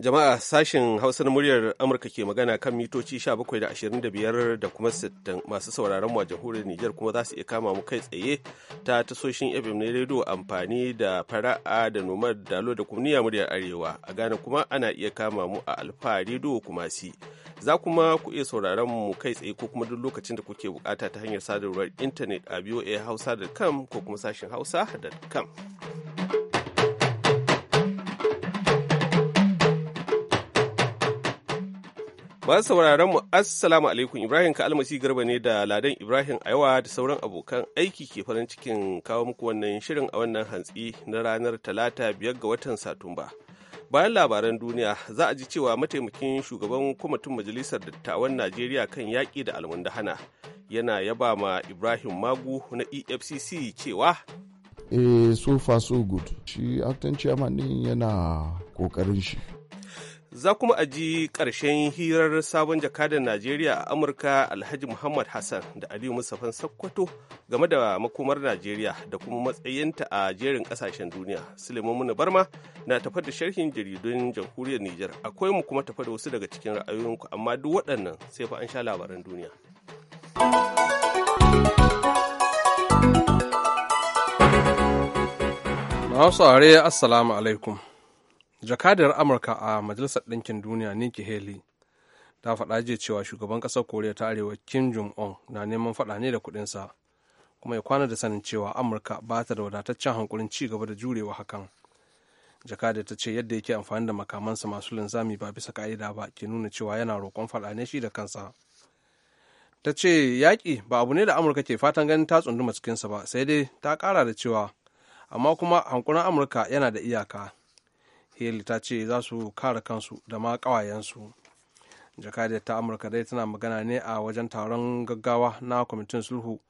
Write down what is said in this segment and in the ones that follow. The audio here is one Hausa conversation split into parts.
Jama'a sashen Hausa na muryar Amurka ke magana kan mitoci bakwai da ashirin da kuma 60 masu sauraron mu a jamhuriyar Nijar kuma za su iya kama mu kai tsaye ta tasoshin FM na rediyo amfani da fara'a da nomar dalo da kumniya muryar Arewa. A Ghana kuma ana iya kama mu a alfari rediyo kuma si. Za kuma ku iya sauraron mu kai tsaye ko kuma duk lokacin da kuke bukata ta hanyar sadarwar intanet a voahausa.com ko kuma sashen hausa.com. Masu sauraron mu Assalamu alaikum Ibrahim ka almasi garba ne da Ladan Ibrahim a yawa da sauran abokan aiki ke farin cikin kawo muku wannan shirin a wannan hantsi na ranar Talata biyar ga watan Satumba. Bayan labaran duniya za a ji cewa mataimakin shugaban kwamitin majalisar dattawan Najeriya kan yaƙi da almundahana yana yaba ma Ibrahim Magu na EFCC cewa eh so far so good shi acting chairman yana kokarin shi za kuma a ji ƙarshen hirar sabon jakadan najeriya a amurka alhaji muhammad hassan da aliyu mustapha sakkwato game da makomar najeriya da kuma matsayinta a jerin kasashen duniya suleiman barma na tafar da sharhin jaridun jamhuriyar Nijar. akwai mu kuma tafa da wasu daga cikin ra'ayoyinku amma duk waɗannan sai fa an sha labaran duniya Masu are assalamu alaikum. jakadiyar amurka a majalisar ɗinkin duniya nikki haley ta faɗa jiya cewa shugaban ƙasar koriya ta arewa kim jong un na neman faɗa ne da kuɗinsa kuma ya kwana da sanin cewa amurka ba ta da wadataccen hankulin ci gaba da jurewa hakan jakadiyar ta ce yadda yake amfani da makamansa masu linzami ba bisa ka'ida ba ke nuna cewa yana roƙon faɗa ne shi da kansa ta ce yaƙi ba abu ne da amurka ke fatan ganin ta tsunduma cikinsa ba sai dai ta ƙara da cewa amma kuma hankulan amurka yana da iyaka haley ta ce za su kare kansu da ma kawayensu jakadiyar ta amurka dai tana magana ne a wajen taron gaggawa na kwamitin sulhu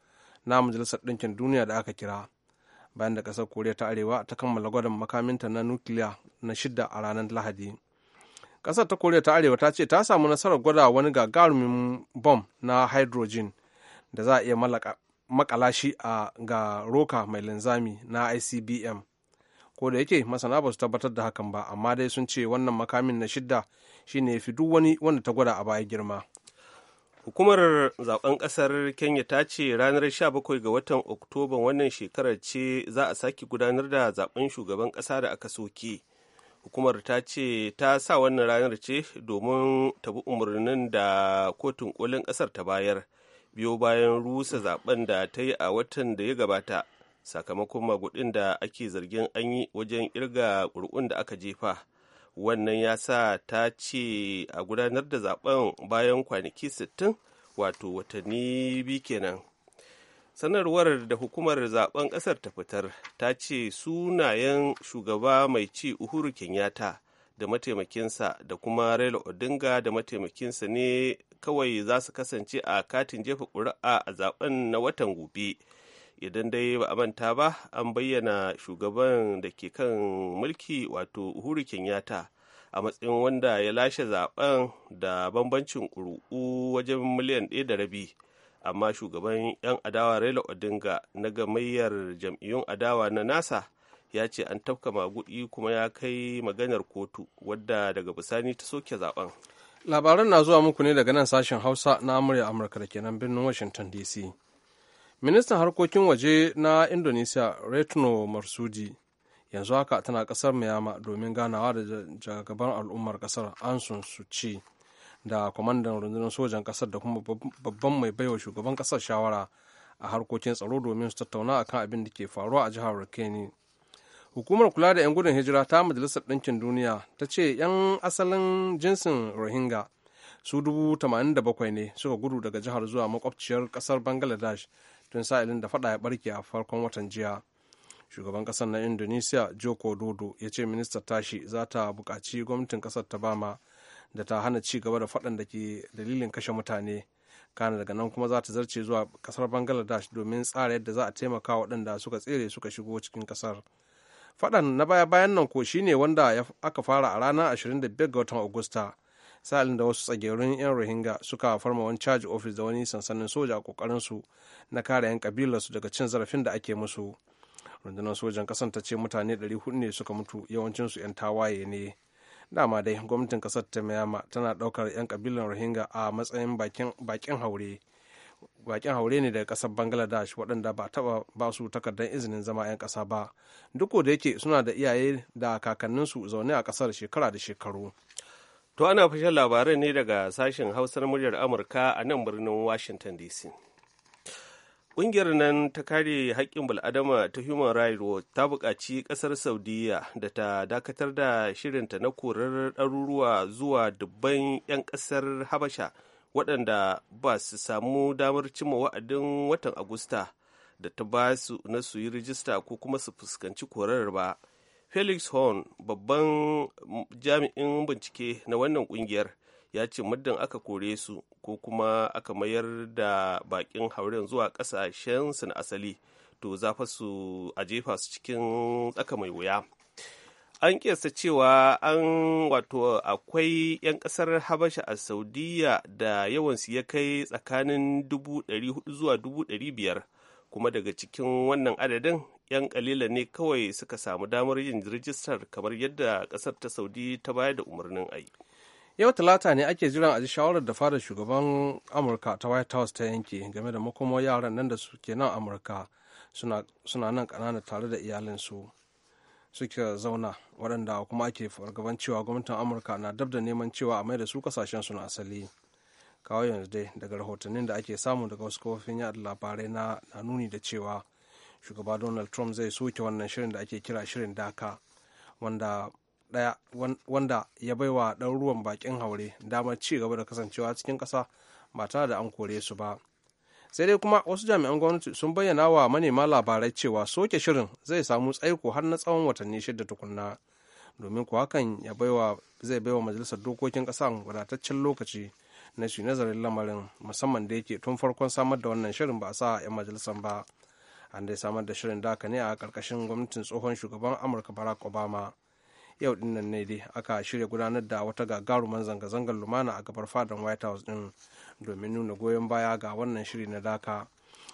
na majalisar ɗinkin duniya da aka kira bayan da ƙasar koriya ta arewa ta kammala gwadon makaminta na nukiliya na shidda a ranar lahadi ƙasar ta koriya ta arewa ta ce ta samu nasarar gwada wani gagarumin bom na hydrogen da za a iya makala shi ga roka mai linzami na icbm ko da yake masana ba su tabbatar da hakan ba amma dai sun ce wannan makamin na shidda shine ya fi duk wani wanda ta gwada a baya girma hukumar zaben kasar kenya ta ce ranar 17 ga watan oktoba wannan shekarar ce za a sake gudanar da zaben shugaban kasa da aka soke hukumar ta ce ta sa wannan ranar ce domin ta bi umarnin da kotun kolin kasar ta bayar biyo bayan rusa zaben da ta yi a watan da ya gabata sakamakon magudin da ake zargin an yi wajen irga ƙuri'un da aka jefa wannan ya sa ta ce a gudanar da zaben bayan kwanaki 60 wato watanni biyu kenan sanarwar da hukumar zaben kasar ta fitar ta ce sunayen shugaba mai ci uhuru kenyata da mataimakinsa da kuma raila odinga da mataimakinsa ne kawai za su kasance a katin jefa ƙuri'a a zaben na watan gobe idan dai ba a manta ba an bayyana shugaban da ke kan mulki wato uhuru kenyatta a matsayin wanda ya lashe zaben da bambancin ƙuri'u wajen miliyan ɗaya da rabi amma shugaban 'yan adawa raila odinga na gamayyar jam'iyyun adawa na nasa ya ce an tafka magudi kuma ya kai maganar kotu wadda daga bisani ta soke zaben labaran na zuwa muku ne daga nan sashen hausa na amurya amurka da kenan birnin washington dc ministan harkokin waje na indonesia retno marsudi yanzu haka tana kasar miyama domin ganawa da jagaban al'ummar kasar ansun ci da kwamandan rundunar sojan kasar da kuma babban mai baiwa shugaban kasar shawara a harkokin tsaro domin su tattauna kan abin da ke faruwa a jihar rakeni hukumar kula da 'yan gudun hijira ta majalisar ɗinkin duniya ta ce 'yan asalin jinsin rohingya su dubu 87 ne suka gudu daga jihar zuwa makwabciyar kasar bangladesh tun sa'ilin da faɗa ya barke a farkon watan jiya shugaban ƙasar na indonesiya joko dodo ya ce minista tashi za ta buƙaci gwamnatin ƙasar ta bama da ta hana ci gaba da faɗan da ke dalilin kashe mutane kana daga nan kuma za ta zarce zuwa kasar bangladesh domin tsara yadda za a taimaka waɗanda suka tsere suka shigo cikin kasar faɗan na baya bayan nan ko shine wanda aka fara a ranar 25 ga watan agusta sa'alin da wasu tsagerun 'yan rohingya suka farma wani caji office da wani sansanin soja a kokarin su na kare 'yan su daga cin zarafin da ake musu rundunar sojan kasar ta ce mutane 400 ne suka mutu yawancin su 'yan tawaye ne dama dai gwamnatin kasar ta mayama tana daukar 'yan kabilan rohingya a matsayin bakin haure bakin haure ne daga kasar bangladesh waɗanda ba taɓa ba su takardar izinin zama 'yan ƙasa ba duk da yake suna da iyaye da kakanninsu zaune a ƙasar shekara da shekaru To ana fashin labarai ne daga sashen hausar muryar Amurka a nan birnin Washington DC. Ƙungiyar nan ta kare haƙƙin bil'adama ta Human Rights Watch ta buƙaci ƙasar Saudiya da ta dakatar da shirinta na korar ɗaruruwa zuwa dubban 'yan ƙasar Habasha waɗanda ba su samu damar cimma wa'adin watan Agusta da ta ba su na su yi rijista ko kuma su fuskanci korar ba. felix horn babban jami'in bincike na wannan kungiyar ya ce muddin aka kore su ko kuma aka mayar da bakin hauren zuwa kasashensu na asali to za su a jefa su cikin tsaka mai wuya an kiyasta cewa an wato akwai 'yan kasar habasha a saudiya da yawansu ya kai tsakanin 400 zuwa 500 kuma daga cikin wannan adadin 'yan kalila ne kawai suka samu damar yin rijistar kamar yadda ƙasar ta saudi ta bayar da umarnin ayi. yau talata ne ake jiran a ji shawarar da fara shugaban amurka ta white house ta yanke game da makomo yaran nan da suke nan amurka suna nan kanana tare da iyalinsu suke zauna waɗanda kuma ake fargaban cewa gwamnatin amurka na dab da neman cewa a mai da su kasashen su na asali kawo yanzu dai daga rahotannin da ake samu daga wasu kafofin yada labarai na nuni da cewa shugaba donald trump zai soke wannan shirin da ake kira shirin daka wanda wanda ya baiwa ɗaruruwan bakin haure damar ci gaba da kasancewa cikin ƙasa ba tare da an kore su ba sai dai kuma wasu jami'an gwamnati sun bayyana wa manema labarai cewa soke shirin zai samu tsaiko har na tsawon watanni shida tukunna domin kuwa hakan ya baiwa zai baiwa majalisar dokokin ƙasa wadataccen lokaci na shi nazarin lamarin musamman da yake tun farkon samar da wannan shirin ba a sa 'yan majalisar ba an dai samar da shirin daka ne a ƙarƙashin gwamnatin tsohon shugaban amurka barack obama yau din nan ne dai aka shirya gudanar da wata gagaruman zanga-zangar lumana a gabar fadan white house din domin nuna goyon baya ga wannan shiri na daka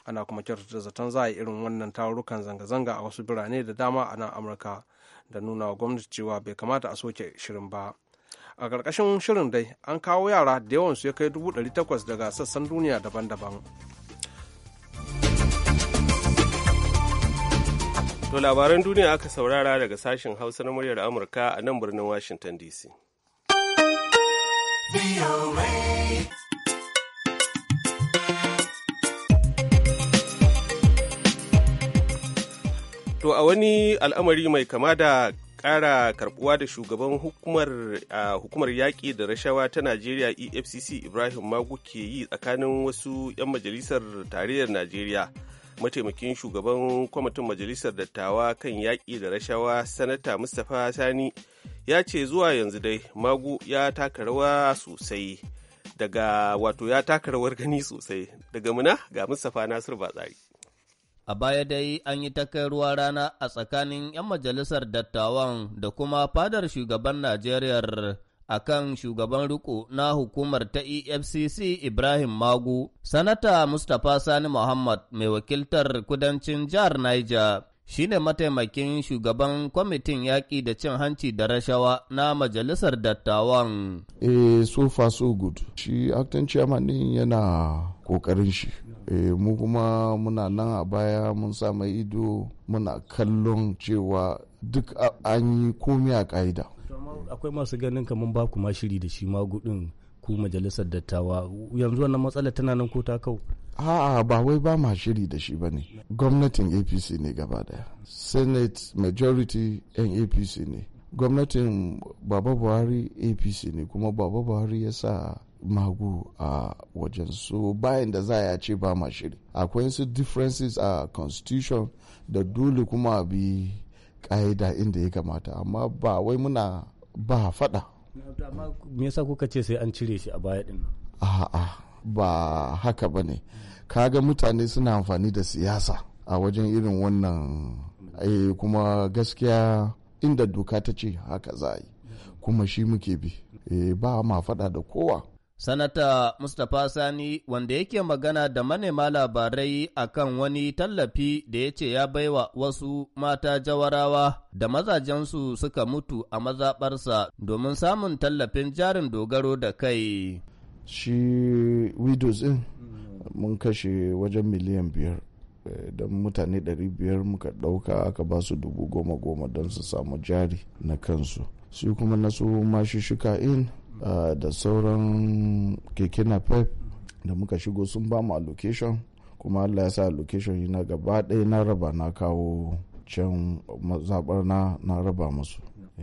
ana kuma kyautata zaton za a yi irin wannan tarurrukan zanga-zanga a wasu birane da dama a nan amurka da nuna wa gwamnati cewa bai kamata a soke shirin ba a ƙarƙashin shirin dai an kawo yara da yawansu ya kai dubu ɗari takwas daga sassan duniya daban-daban To labaran duniya aka saurara daga sashen Hausa na muryar Amurka a nan birnin Washington DC. To a wani al'amari mai kama da ƙara karbuwa da shugaban hukumar yaƙi da rashawa ta Najeriya EFCC Ibrahim Magu ke yi tsakanin wasu 'yan majalisar tarayyar Najeriya. mataimakin shugaban kwamitin majalisar dattawa kan yaƙi da rashawa sanata mustapha sani ya ce zuwa yanzu dai magu ya taka rawa sosai daga wato ya taka rawar gani sosai daga muna ga mustapha nasir batsari a baya dai an yi ta kai ruwa rana a tsakanin 'yan majalisar dattawan da kuma fadar shugaban najeriya a kan shugaban riko na hukumar ta EFCC Ibrahim Magu, Sanata Mustapha Sani Muhammad mai wakiltar kudancin jihar Niger. Shi ne mataimakin shugaban kwamitin yaƙi da cin hanci da rashawa na majalisar dattawan. E, so far so good. Shi acting chairman yana ƙoƙarin shi. E, mu kuma muna nan a baya mun sami ido muna kallon cewa duk an yi komi a ƙa'ida. akwai masu ganin kamar ba ku ma shiri da shi magudin ku majalisar dattawa yanzu wannan matsala tana nan ko ta kau a'a ba wai ba ma shiri da shi bane gwamnatin apc ne gaba daya senate majority yan apc ne gwamnatin baba buhari apc ne kuma baba buhari ya sa magu a wajen so bayan da za ya ce ba ma shiri akwai su differences a constitution da dole kuma a bi ƙa'ida inda ya kamata amma ba wai muna ba faɗa me yasa kuka ce sai an cire shi a baya din a'a ba haka ba ne kaga mutane suna amfani da siyasa a wajen irin wannan eh, kuma gaskiya inda doka ta ce haka za yi kuma shi muke bi eh, ba ma faɗa da kowa Sanata Mustapha Sani wanda yake magana da manema labarai akan wani tallafi da ya ce ya baiwa wasu mata jawarawa da mazajensu suka mutu a mazaɓarsa domin samun tallafin jarin dogaro da kai. Shi widows ɗin mun kashe wajen miliyan biyar eh, don mutane ɗari biyar muka ɗauka aka ba su dubu goma goma don su samu jari na kansu. Shi kuma na su mashushuka in. Ah, da sauran keke napep da muka shigo sun ba mu location kuma allah ya sa location yi na gaba ɗaya na raba na kawo can zaɓar na na raba musu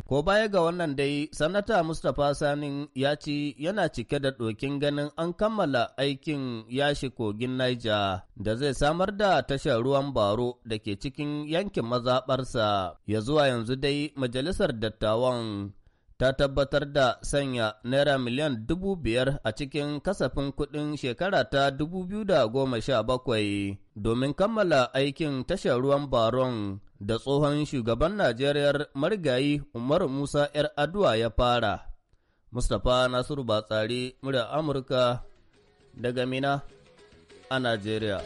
Ko baya ga wannan dai, Sanata Mustapha Sani ya ci yana cike da ɗokin ganin an kammala aikin yashi kogin Niger da zai samar da tashar ruwan baro da ke cikin yankin mazaɓarsa. Ya zuwa yanzu dai Majalisar Dattawan ta tabbatar da sanya naira miliyan dubu biyar a cikin kasafin kuɗin shekara ta dubu biyu da goma sha bakwai domin kammala aikin tashar ruwan baron da tsohon shugaban Najeriya marigayi Umaru Musa 'yar adu'a ya fara. Mustapha Nasiru Batsari, murya Amurka daga Mina a Najeriya.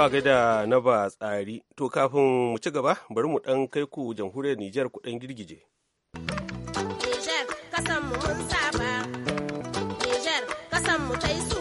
Ba ga na ba tsari. To kafin mu ci gaba bari mu ɗan kai ku jamhuriyar Nijar kuɗin girgije. Nijar kasan mu mun saba. Nijar kasan mu ta yi su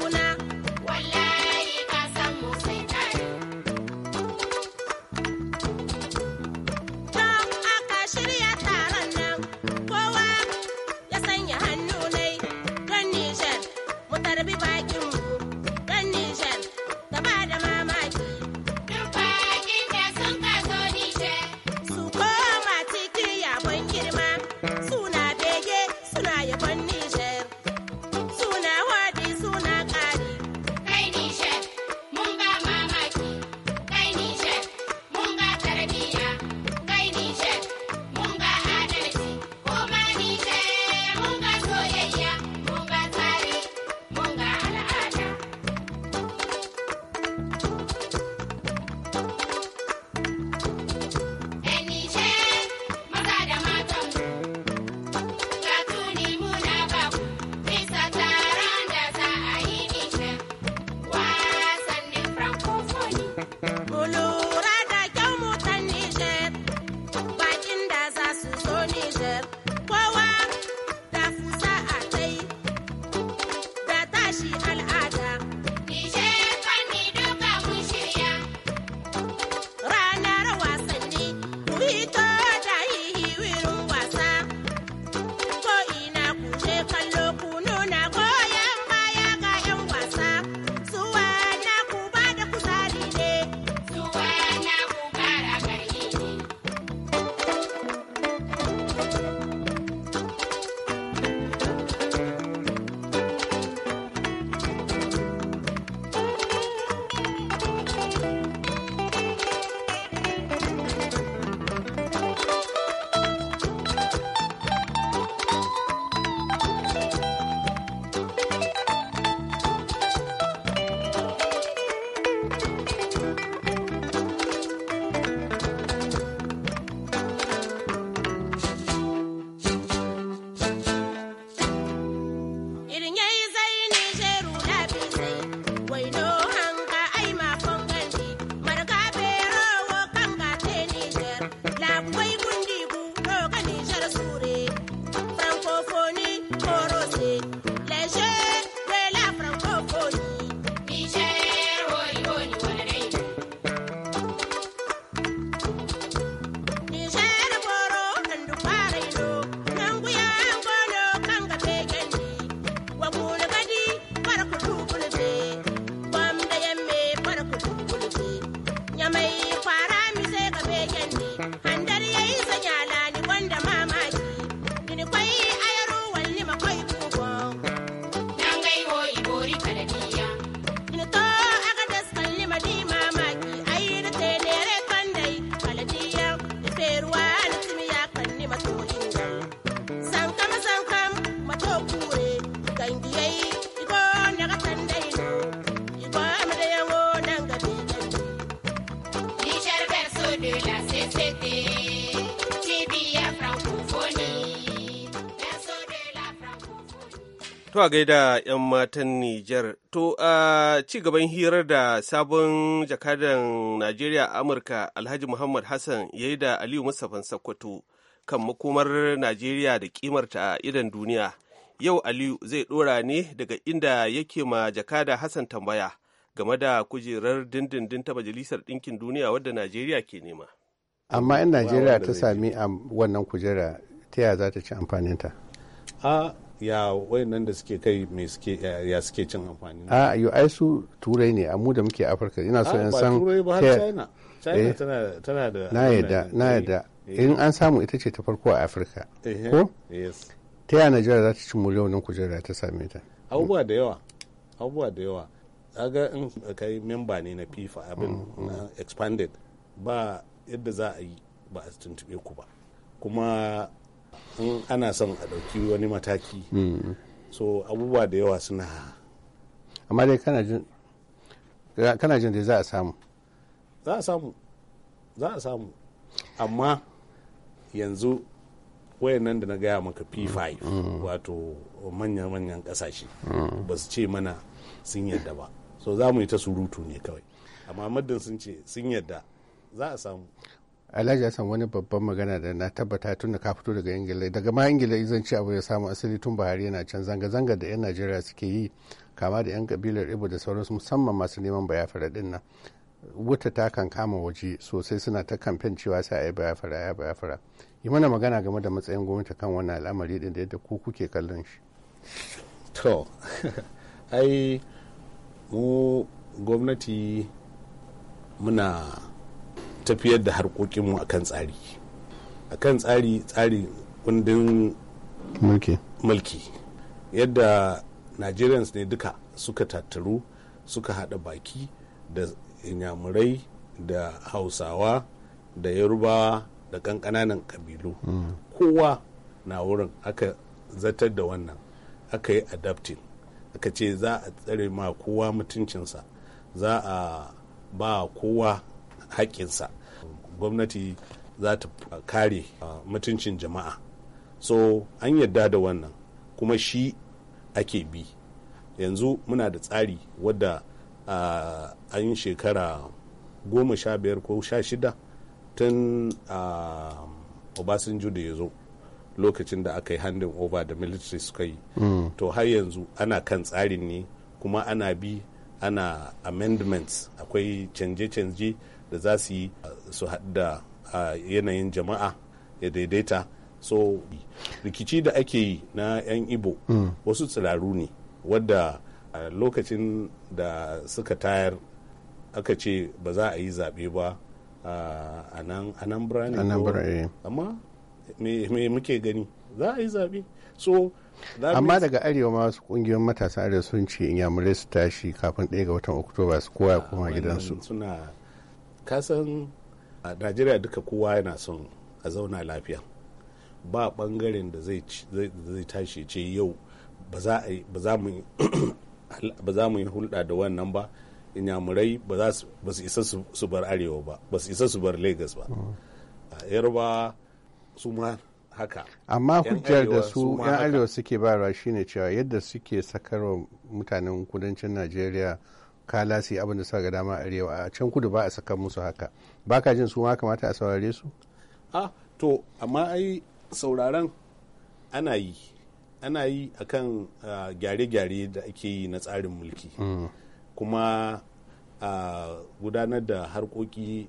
To a gaida 'yan matan Nijar. To a ci gaban hirar da sabon jakadan Najeriya a Amurka Alhaji Muhammad Hassan ya yi da Aliyu Mustapha Sokoto kan makomar Najeriya da kimarta a idan duniya. Yau Aliyu zai ɗora ne daga inda yake ma jakada Hassan tambaya game da kujerar dindindin ta Majalisar Ɗinkin Duniya wadda Najeriya ke nema. amma in najeriya ta sami a um, wannan kujera ta yaya za ta ci amfaninta a ya wayannan da suke kai mai suke ya suke cin amfani a yi ai su turai ne amma da muke afirka ina so in san turai ba china china eh. tana da na yadda na eh, yadda eh. in an samu ita ce ta farko a afirka ko ta yaya najeriya za ta ci miliyonin kujera ta same ta abubuwa da yawa abubuwa da yawa kaga in kai memba ne na fifa abin mm, mm. expanded ba yadda za a yi ba a tuntube ku ba kuma in ana son a ɗauki wani mataki so abubuwa da yawa suna amma dai kana jin da za a samu za a samu za a samu amma yanzu wayannan da na gaya maka p5 wato manya-manyan kasashe ba su ce mana sun yadda ba so za mu yi ta surutu ne kawai amma muddin sun ce sun yadda za a samu alhaji hassan wani babban magana da na tabbata tun da ka fito daga ingila daga ma ingila izanci abu ya samu asali tun buhari yana can zanga-zanga da yan najeriya suke yi kama da yan kabilar ibo da sauransu musamman masu neman bayafara din nan wuta ta kan kama waje sosai suna ta kamfen cewa sai a yi bayafara ya bayafara yi mana magana game da matsayin gwamnati kan wannan al'amari din da yadda ku kuke kallon shi to ai mu gwamnati muna tafiyar da harkokinmu a kan tsari a kan tsari tsari kundin mulki yadda nigerians ne duka suka tattaru suka hada baki da inyamurai da hausawa da yarubawa da kankananan kabilu mm. kowa na wurin aka zatar da wannan aka yi adaptin aka ce za a tsare ma kowa mutuncinsa za a ba kowa haƙƙinsa gwamnati za ta kare mutuncin jama'a so an yadda da wannan kuma shi ake bi yanzu muna da tsari wadda an shekara goma sha biyar ko sha shida tun obasanjo da ya zo lokacin da aka yi handin over da military suka yi hmm. to har yanzu ana kan tsarin ne kuma ana bi ana amendments akwai canje-canje da za su yi su haɗu da yanayin jama'a ya daidaita so rikici da ake yi na 'yan ibo wasu tsiraru ne wadda lokacin da suka tayar aka ce ba za a yi zaɓe ba a nan anambra eh. amma me muke gani za a yi zaɓe so amma daga arewa masu kungiyar kungiyoyin matasan arewa sun ce inyamurai su tashi kafin ɗaya ga watan oktoba su kowa ya koma gidansu suna kasan a najeriya duka kowa yana son a zauna lafiya ba bangaren da zai tashi ce yau ba za mu yi hulɗa da wannan ba inyamurai ba su isa su bar arewa ba ba su isa su bar lagos ba yarba su ma haka amma hujjar da su yan arewa suke ba shine cewa yadda suke sakarwa mutanen kudancin najeriya kala su abin da suka ga dama arewa a can kudu ba a saka musu haka ba ka jin su ma kamata a saurare su A ah, to amma ai sauraron ana yi ana yi akan ah, gyare-gyare da ake yi na tsarin mulki hmm. kuma ah, gudanar da harkoki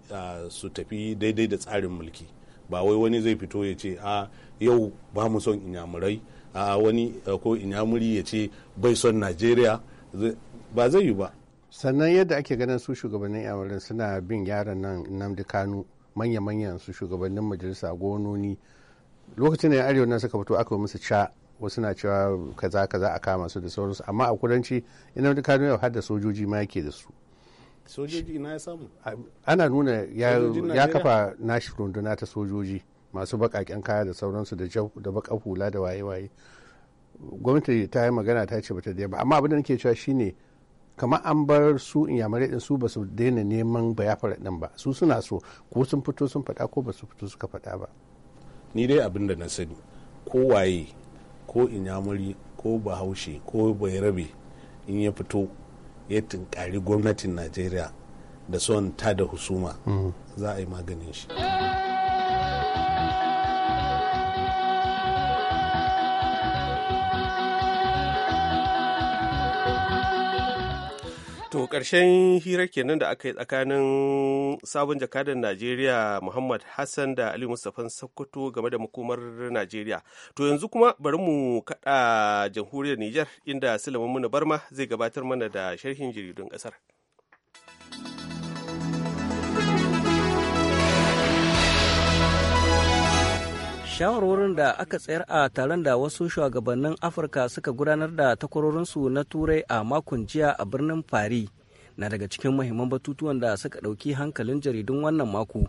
su tafi daidai da tsarin mulki ba wai wani zai fito ya ce a yau ba mu son inyamurai a wani eh, ko inyamuri ya ce bai son najeriya ba zai yi ba sannan yadda ake ganin su shugabannin yamarin suna bin yaran nan namdi kanu manya-manyan su shugabannin majalisa gononi lokacin da ya arewa nan suka fito aka musu ca wasu na cewa kaza kaza a kama su da sauransu amma a kudanci ina da kano yau har da sojoji ma yake da su sojoji ina ya samu ana nuna ya kafa nashi runduna ta sojoji masu bakaken kaya da sauransu da jau da baka hula da waye-waye gwamnati ta yi magana ta ce bata da ba amma abin da nake cewa shine kamar an bar su inyamurai din su ba su daina neman bayafara din ba su suna so ko sun fito sun faɗa ko ba su fito suka faɗa ba ni dai abin da na sani ko waye ko inyamuri ko bahaushe ko bayarabe in ya fito ya tunkari gwamnatin najeriya da son ta da husuma mm. za a yi maganin shi karshen hira kenan da aka yi tsakanin sabon jakadan Najeriya Muhammad Hassan da Ali Mustapha Sokoto game da makomar Najeriya. To yanzu kuma bari mu kaɗa jamhuriyar Nijar inda Sulaiman Muna Barma zai gabatar mana da sharhin jaridun ƙasar. shawarwarin da aka tsayar a taron da wasu shugabannin afirka suka gudanar da takwarorinsu na turai a makon jiya a birnin paris. na daga cikin mahimman batutuwan da suka ɗauki hankalin jaridun wannan mako.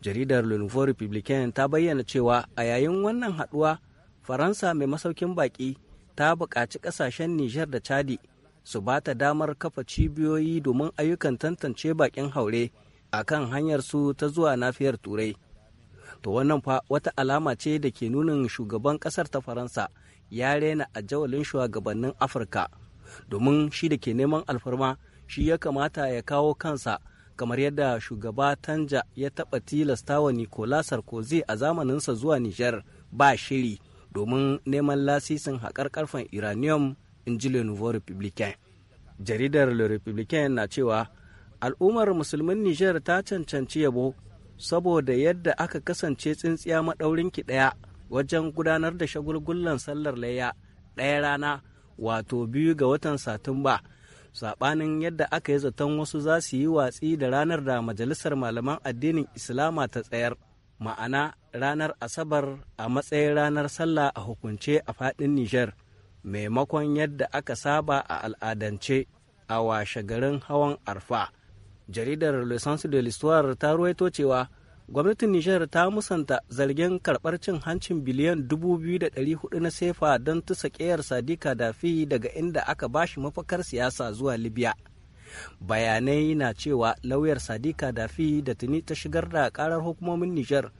Jaridar Le Nouveau Republicain ta bayyana cewa a yayin wannan haɗuwa Faransa mai masaukin baƙi ta buƙaci ƙasashen Nijar da Chadi su ba ta damar kafa cibiyoyi domin ayyukan tantance baƙin haure a kan su ta zuwa nafiyar Turai. To wannan fa wata alama ce da ke nunin shugaban ƙasar ta Faransa ya rena a jawalin shugabannin Afirka domin shi da ke neman alfarma shi ya kamata ya kawo kansa kamar yadda shugaba tanja ya taɓa tilastawa nicolas sarkozy a zamaninsa zuwa nijar ba shiri domin neman lasisin haƙar ƙarfen iranium in ji le nouveau republicain jaridar le republicain na cewa al'ummar musulmin nijar ta cancanci yabo saboda yadda aka kasance tsintsiya maɗaurin ki ɗaya wajen gudanar da shagulgullan sallar layya ɗaya rana wato biyu ga watan satumba saɓanin yadda aka yi zaton wasu za su yi watsi da ranar da majalisar malaman addinin islama ta tsayar ma'ana ranar asabar a matsayin ranar sallah a hukunce a fadin nijar maimakon yadda aka saba a al'adance a washe garin hawan arfa jaridar le de l'histoire ta ruwaito cewa gwamnatin Nijar ta musanta zargin karbar cin hancin biliyan 2,400 na sefa don tusa kayar Sadika Dafi daga inda aka bashi mafakar siyasa zuwa Libya. Bayanai na cewa lauyar Sadika Dafi da tuni ta shigar da karar hukumomin Nijar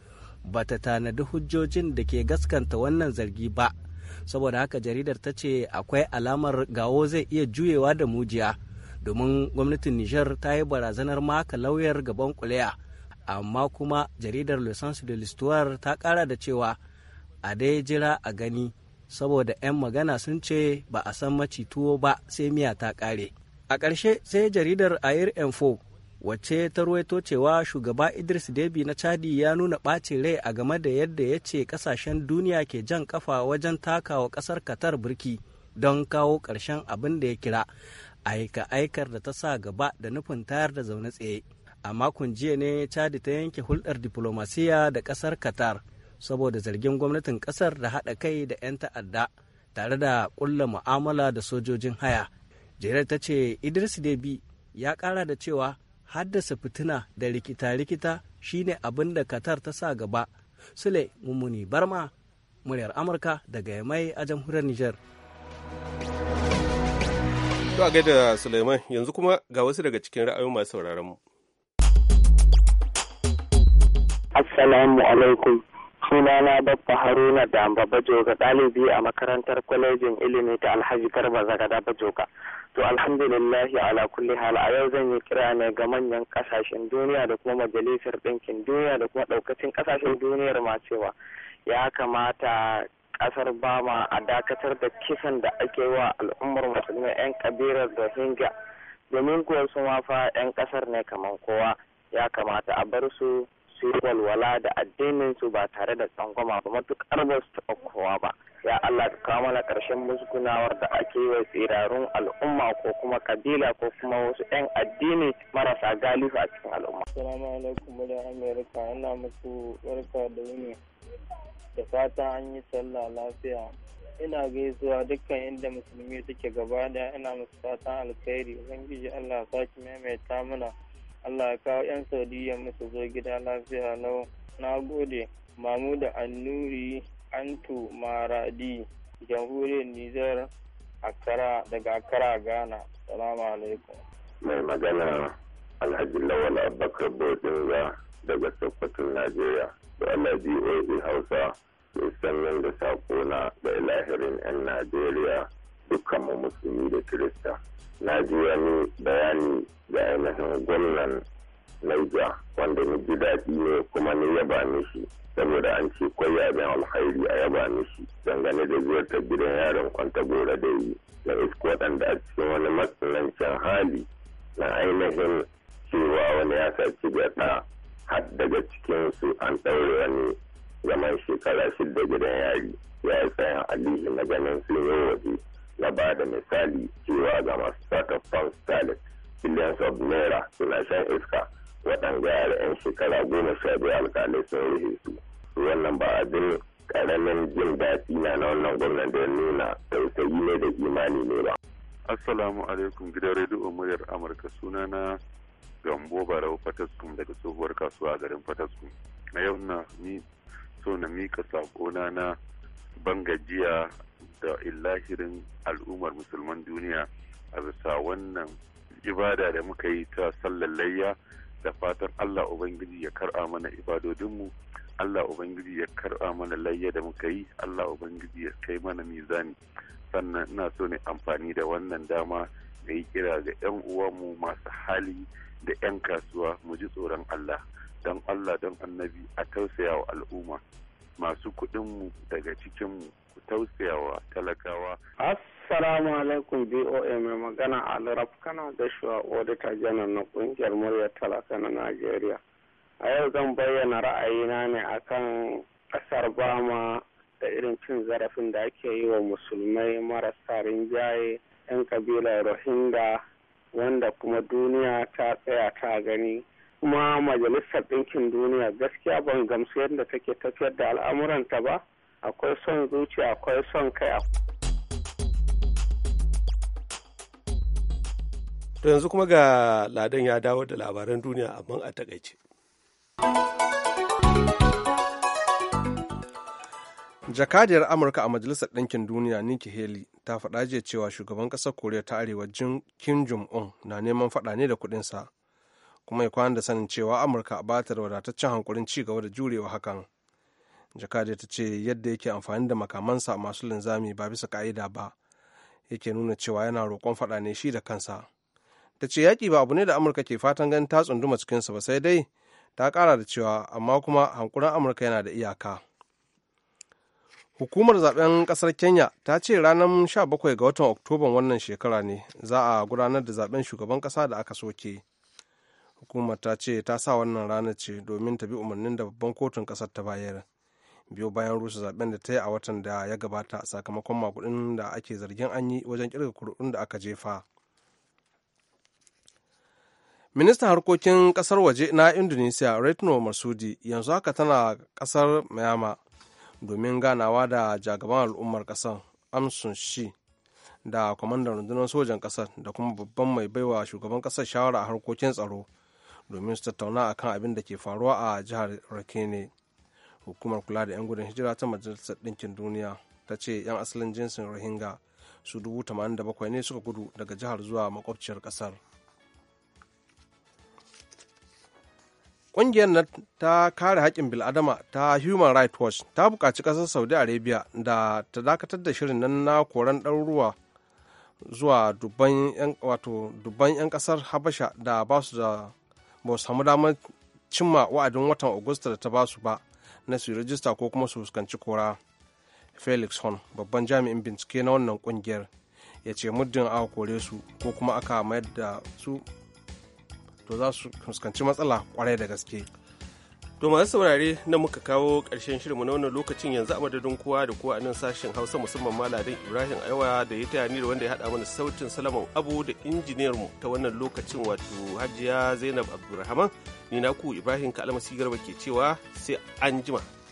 ba ta tanadi hujjojin da ke gaskanta wannan zargi ba. Saboda haka jaridar ta ce akwai alamar gawo zai iya juyewa da mujiya domin gwamnatin Nijar ta yi barazanar maka lauyar gaban kuliya. amma kuma jaridar le sens de ta kara da cewa a dai jira a gani saboda 'yan magana sun ce ba a san maci tuwo ba sai miya ta kare a ƙarshe sai jaridar air info wacce ta ruwaito cewa shugaba idris debi na chadi ya nuna ɓacin rai a game da yadda ya ce ƙasashen duniya ke jan kafa wajen takawa ƙasar katar birki don kawo ƙarshen abin da ya kira aika aikar da ta sa gaba da nufin tayar da zaune tsaye a makon jiya ne chadi ta yanke hulɗar diplomasiya da ƙasar qatar saboda zargin gwamnatin ƙasar da haɗa kai da 'yan ta'adda tare da ƙulla mu'amala da sojojin haya jerar ta ce idris debi ya ƙara da cewa haddasa fitina da rikita-rikita shine abin da qatar ta sa gaba sule mummuni barma muryar amurka daga yamai a jamhuriyar niger to a gaida sulaiman yanzu kuma ga wasu daga cikin ra'ayoyin masu sauraron mu Salamu alaikum. Sunana babba Haruna Damba Bajoga ɗalibi a makarantar kwalejin ilimi ta Alhaji Garba Zagada Bajoga. To alhamdulillahi ala kulli hal a yau zan yi kira ne ga manyan kasashen duniya da kuma majalisar ɗinkin duniya da kuma ɗaukacin kasashen duniyar ma cewa ya kamata kasar bama a dakatar da kisan da ake wa al'ummar musulmi 'yan kabilar hinga. domin kuwa su ma fa 'yan kasar ne kamar kowa ya kamata a bar su su yi walwala da addinin su ba tare da tsangwama ba matukar ba su taɓa kowa ba ya Allah ka kawo mana ƙarshen musgunawar da ake yi wa tsirarun al'umma ko kuma kabila ko kuma wasu 'yan addini marasa galihu a cikin al'umma. Assalamu alaikum muryar Amerika ina muku barka da wuni da fatan an yi sallah lafiya ina gaisuwa dukkan inda musulmi suke gaba da ina musu fatan alkhairi ubangiji Allah saki maimaita mana Allah ya kawo 'yan Saudiya musu zo gida lafiya lau. Na gode, Mamu da Annuri Antu Maradi, jamhuriyar Nijar, Akara daga Akara Ghana. Salamu alaikum. Mai magana Alhaji Lawal Abubakar Bodinga daga Sokoton Najeriya. Da Allah BOA e Hausa mai sannan da sakona da ilahirin 'yan Najeriya dukkanmu musulmi da Kirista. na ji wani bayani da ainihin gwamnan Naija wanda ni ji daɗi ne kuma ni yaba shi saboda an ce kwaya bin alhairi a yaba shi dangane da ziyartar gidan yaron kwanta gora da yi na isko waɗanda a cikin wani matsanancin hali na ainihin cewa wani ya saci gaɗa har daga cikinsu an ɗaure wani zaman shekara shidda gidan yari ya yi tsayin alihi na ganin sun yi waje na ba da misali cewa ga masu sata fan stalin billions of naira suna shan iska waɗanda yi 'yan shekara goma sha biyu alƙalai sun rufe su wannan ba abin ƙaramin jin daɗi na wannan gwamnan da nuna tausayi ne da imani ne ba. assalamu alaikum gidan rediyo muryar amurka suna na gambo barau fataskum daga tsohuwar kasuwa a garin fataskum na yau na ni so na mika sakona na bangajiya da illahirin al'ummar musulman duniya a bisa wannan ibada da muka yi ta sallar layya da fatan Allah Ubangiji ya kar'a mana ibadodinmu Allah Ubangiji ya kar'a mana layya da muka yi Allah Ubangiji ya kai mana mizani sannan ina so ne amfani da wannan dama da yi kira ga 'yan uwanmu masu hali da 'yan kasuwa mu ji tsoron Allah don Allah don annabi a tausaya wa al'umma masu kuɗinmu daga cikinmu tausayawa talakawa. Assalamu alaikum BOA mai magana Alraf kana gashuwa odita janar na kungiyar murya talaka na Najeriya. A yau zan bayyana ra'ayina ne akan kasar Bama da irin cin zarafin da ake yi wa musulmai marasa rinjaye 'yan kabilar Rohingya wanda kuma duniya ta tsaya ta gani kuma majalisar ɗinkin duniya gaskiya ban gamsu yadda take tafiyar da al'amuranta ba akwai son zuciya akwai son kai to yanzu kuma ga ladan ya dawo da labaran duniya amma a takaice jakadiyar amurka a majalisar ɗinkin duniya nikki haley ta faɗa jiya cewa shugaban ƙasar koriya ta arewa kim jong-un na neman faɗa ne da kuɗinsa kuma ya kwana da sanin cewa amurka ba ta da wadataccen hankulin ci gaba da jurewa hakan jakada ta ce yadda yake amfani da makamansa masu linzami ba bisa ka'ida ba yake nuna cewa yana roƙon faɗa ne shi da kansa ta ce yaƙi ba abu ne da amurka ke fatan ganin ta tsunduma cikinsa ba sai dai ta ƙara da cewa amma kuma hankuran amurka yana da iyaka hukumar zaben ƙasar kenya ta ce ranar 17 ga watan oktoban wannan shekara ne za a gudanar da zaben shugaban ƙasa da aka soke hukumar ta ce ta sa wannan ranar ce domin ta bi umarnin da babban kotun ƙasar ta bayar biyo bayan rushe zaben da ta yi a watan da ya gabata sakamakon makudin da ake zargin an yi wajen kirga kuri'un da aka jefa ministan harkokin kasar waje na indonesia retno masudi yanzu haka tana kasar mayama domin ganawa da jagaban al'ummar kasar amsun shi da kwamandan rundunar sojan kasar da kuma babban mai baiwa shugaban kasar shawara a harkokin tsaro domin su tattauna akan abin da ke faruwa a jihar rakene hukumar kula da 'yan gudun hijira ta majalisar ɗinkin duniya ta ce 'yan asalin jinsin rohingya su 87 ne suka gudu daga jihar zuwa makwabciyar ƙasar ƙungiyar nan ta kare haƙƙin bil'adama ta human rights watch ta buƙaci ƙasar saudi arabia da ta dakatar da shirin nan na koran ɗaruruwa zuwa dubban 'yan ƙasar habasha da ba su da ba su samu damar cimma wa'adin watan agusta da ta ba su ba na su rajista ko kuma su fuskanci kora felix horn babban jami'in bincike na wannan kungiyar ya ce muddin aka kore su ko kuma aka mayar da su to za su fuskanci matsala kwarai da gaske to masu saurare na muka kawo karshen shirin na wannan lokacin yanzu a madadin kowa da kowa a nan sashen hausa musamman maladin ibrahim aiwa da ya taya ni da wanda ya hada mana sautin salaman abu da injiniyarmu ta wannan lokacin wato hajiya zainab abdulrahman ni ku ibrahim kalmasi garba ke cewa sai an jima